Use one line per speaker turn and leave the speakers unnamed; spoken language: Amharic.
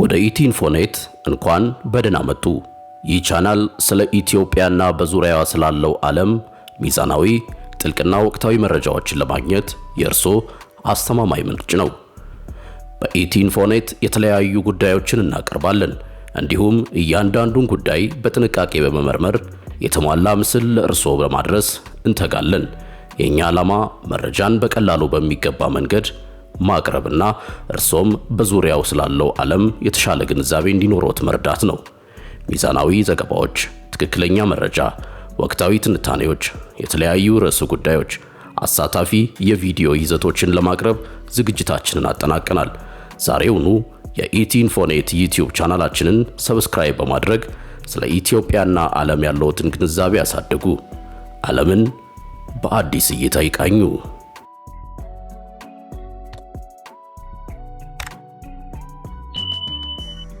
ወደ ኢቲንፎኔት እንኳን በደህና መጡ። ይህ ቻናል ስለ ኢትዮጵያና በዙሪያዋ ስላለው ዓለም ሚዛናዊ፣ ጥልቅና ወቅታዊ መረጃዎችን ለማግኘት የእርሶ አስተማማኝ ምንጭ ነው። በኢቲንፎኔት የተለያዩ ጉዳዮችን እናቀርባለን። እንዲሁም እያንዳንዱን ጉዳይ በጥንቃቄ በመመርመር የተሟላ ምስል ለእርሶ በማድረስ እንተጋለን። የእኛ ዓላማ መረጃን በቀላሉ በሚገባ መንገድ ማቅረብና እርሶም በዙሪያው ስላለው ዓለም የተሻለ ግንዛቤ እንዲኖሮት መርዳት ነው። ሚዛናዊ ዘገባዎች፣ ትክክለኛ መረጃ፣ ወቅታዊ ትንታኔዎች፣ የተለያዩ ርዕሰ ጉዳዮች፣ አሳታፊ የቪዲዮ ይዘቶችን ለማቅረብ ዝግጅታችንን አጠናቀናል። ዛሬውኑ የኢቲንፎኔት ዩቲዩብ ቻናላችንን ሰብስክራይብ በማድረግ ስለ ኢትዮጵያና ዓለም ያለዎትን ግንዛቤ ያሳድጉ። ዓለምን በአዲስ እይታ ይቃኙ።